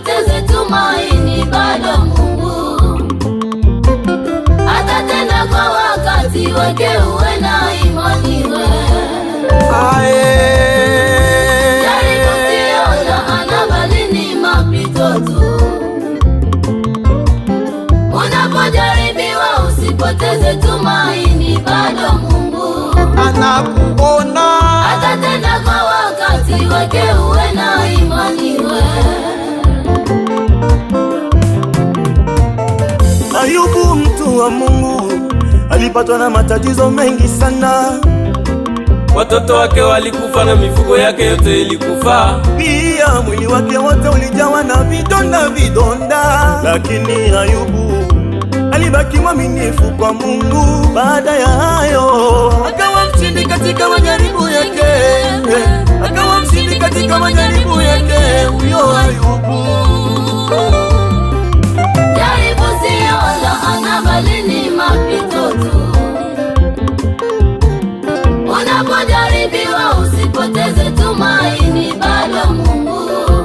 tusipoteze tumaini, bado Mungu atatenda kwa wakati wake, uwe na imani usipoteze tumaini, bado Mungu anakuona atatenda kwa wakati wake alipatwa na matatizo mengi sana, watoto wake walikufa na mifugo yake yote ilikufa. Pia mwili wake wote ulijawa na vidonda vidonda, lakini Ayubu alibaki mwaminifu kwa Mungu. Baada ya hayo akawa mshindi katika majaribu yake, akawa mshindi katika majaribu yake. unapojaribiwa usipoteze tumaini, bado Mungu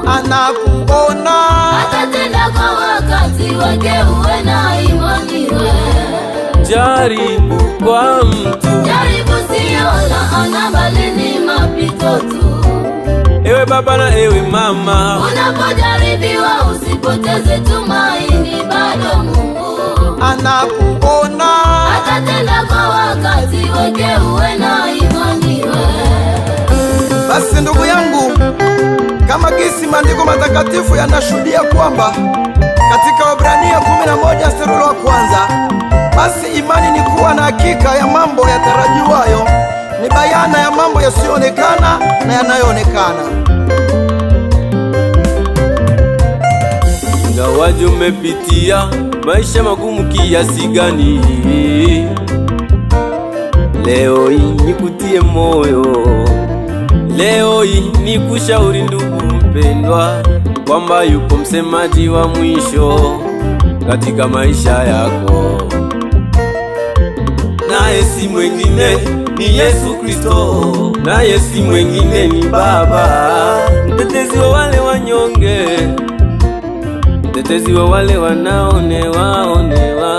anakuona, atatenda kwa wakati wake. Uwe na imani wewe. Jaribu kwa mtu, jaribu sio laana, bali ni mapito tu. Ewe baba na ewe mama, unapojaribiwa usipoteze tumaini, bado Mungu anakuona, atatenda kwa wakati wake. Uwe na imani. Basi ndugu yangu, kama gisi maandiko matakatifu yanashuhudia kwamba katika Waebrania 11 mstari wa kwanza, basi imani ni kuwa na hakika ya mambo yatarajiwayo, ni bayana ya mambo yasiyoonekana na yanayoonekana. Ingawaje umepitia maisha magumu kiasi gani, leo inyikutie moyo Leo hii ni kushauri ndugu mpendwa, kwamba yupo msemaji wa mwisho katika maisha yako, naye si mwengine ni Yesu Kristo, naye si mwengine ni Baba, mtetezi wa wale wanyonge, mtetezi wa wale wanaonewaonewa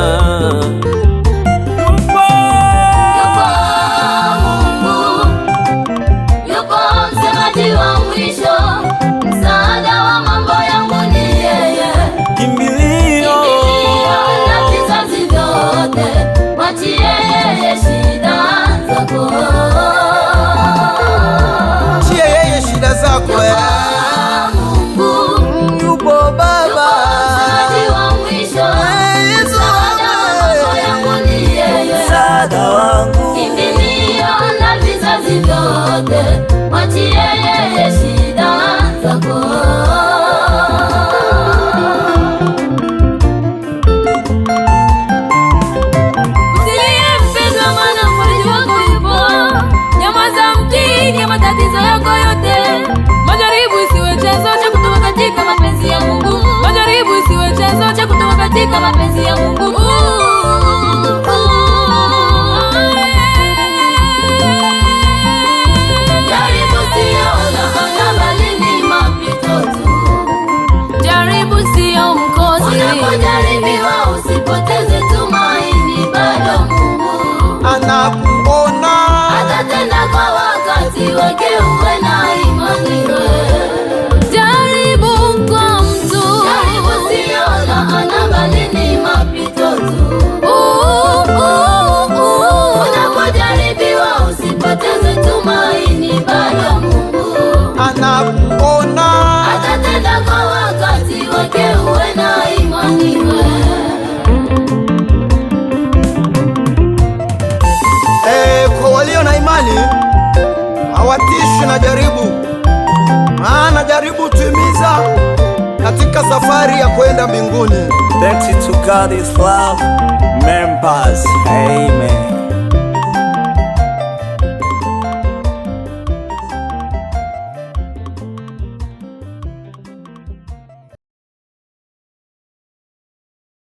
Mwachie karibu timiza katika safari ya kwenda mbinguni. Thanks to God is love members. Amen.